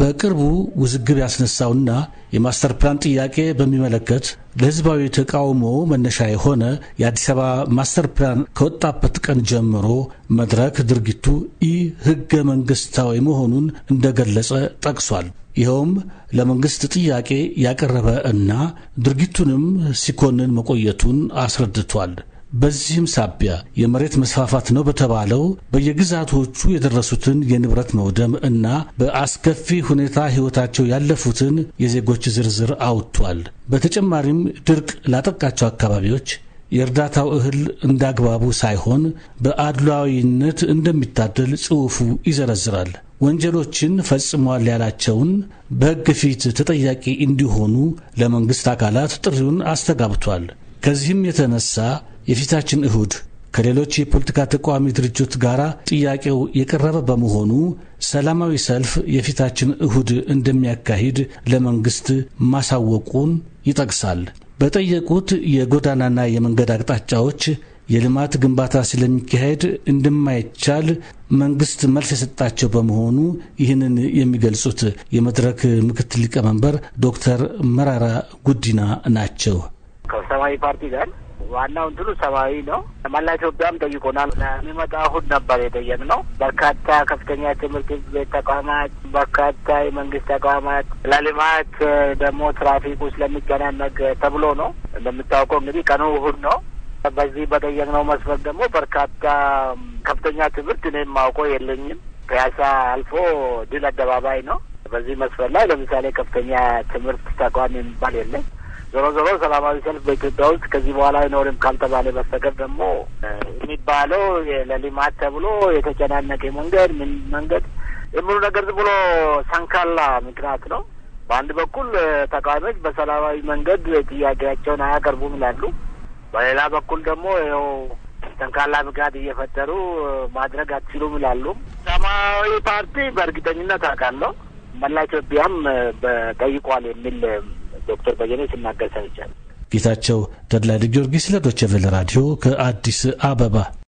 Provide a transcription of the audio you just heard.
በቅርቡ ውዝግብ ያስነሳውና የማስተር ፕላን ጥያቄ በሚመለከት ለህዝባዊ ተቃውሞ መነሻ የሆነ የአዲስ አበባ ማስተር ፕላን ከወጣበት ቀን ጀምሮ መድረክ ድርጊቱ ኢ ህገ መንግስታዊ መሆኑን እንደገለጸ ጠቅሷል። ይኸውም ለመንግስት ጥያቄ ያቀረበ እና ድርጊቱንም ሲኮንን መቆየቱን አስረድቷል። በዚህም ሳቢያ የመሬት መስፋፋት ነው በተባለው በየግዛቶቹ የደረሱትን የንብረት መውደም እና በአስከፊ ሁኔታ ሕይወታቸው ያለፉትን የዜጎች ዝርዝር አውጥቷል። በተጨማሪም ድርቅ ላጠቃቸው አካባቢዎች የእርዳታው እህል እንዳግባቡ ሳይሆን በአድሏዊነት እንደሚታደል ጽሑፉ ይዘረዝራል። ወንጀሎችን ፈጽሟል ያላቸውን በሕግ ፊት ተጠያቂ እንዲሆኑ ለመንግሥት አካላት ጥሪውን አስተጋብቷል። ከዚህም የተነሳ የፊታችን እሁድ ከሌሎች የፖለቲካ ተቃዋሚ ድርጅት ጋር ጥያቄው የቀረበ በመሆኑ ሰላማዊ ሰልፍ የፊታችን እሁድ እንደሚያካሂድ ለመንግስት ማሳወቁን ይጠቅሳል። በጠየቁት የጎዳናና የመንገድ አቅጣጫዎች የልማት ግንባታ ስለሚካሄድ እንደማይቻል መንግስት መልስ የሰጣቸው በመሆኑ ይህንን የሚገልጹት የመድረክ ምክትል ሊቀመንበር ዶክተር መራራ ጉዲና ናቸው። ከሰማያዊ ፓርቲ ጋር ዋናው እንትኑ ሰብአዊ ነው። መላ ኢትዮጵያም ጠይቆናል። የሚመጣ እሁድ ነበር የጠየቅነው። በርካታ ከፍተኛ ትምህርት ቤት ተቋማት፣ በርካታ የመንግስት ተቋማት ለልማት ደግሞ ትራፊኩ ስለሚጨናነቅ ተብሎ ነው። እንደምታውቀው እንግዲህ ቀኑ እሁድ ነው። በዚህ በጠየቅነው መስፈርት ደግሞ በርካታ ከፍተኛ ትምህርት እኔም ማውቀው የለኝም። ፒያሳ አልፎ ድል አደባባይ ነው። በዚህ መስፈር ላይ ለምሳሌ ከፍተኛ ትምህርት ተቋም የሚባል የለኝ። ዞሮ ዞሮ ሰላማዊ ሰልፍ በኢትዮጵያ ውስጥ ከዚህ በኋላ አይኖርም ካልተባለ በስተቀር ደግሞ የሚባለው ለልማት ተብሎ የተጨናነቀ መንገድ ምን መንገድ የምሉ ነገር ዝም ብሎ ሰንካላ ምክንያት ነው። በአንድ በኩል ተቃዋሚዎች በሰላማዊ መንገድ ጥያቄያቸውን አያቀርቡም ይላሉ። በሌላ በኩል ደግሞ ይኸው ጠንካላ ምክንያት እየፈጠሩ ማድረግ አትችሉም ይላሉ። ሰማያዊ ፓርቲ በእርግጠኝነት አውቃለሁ መላ ኢትዮጵያም ጠይቋል የሚል ዶክተር በየነ ሲናገር ሰምቻለሁ። ጌታቸው ተድላ ጊዮርጊስ ለዶቸቬለ ራዲዮ ከአዲስ አበባ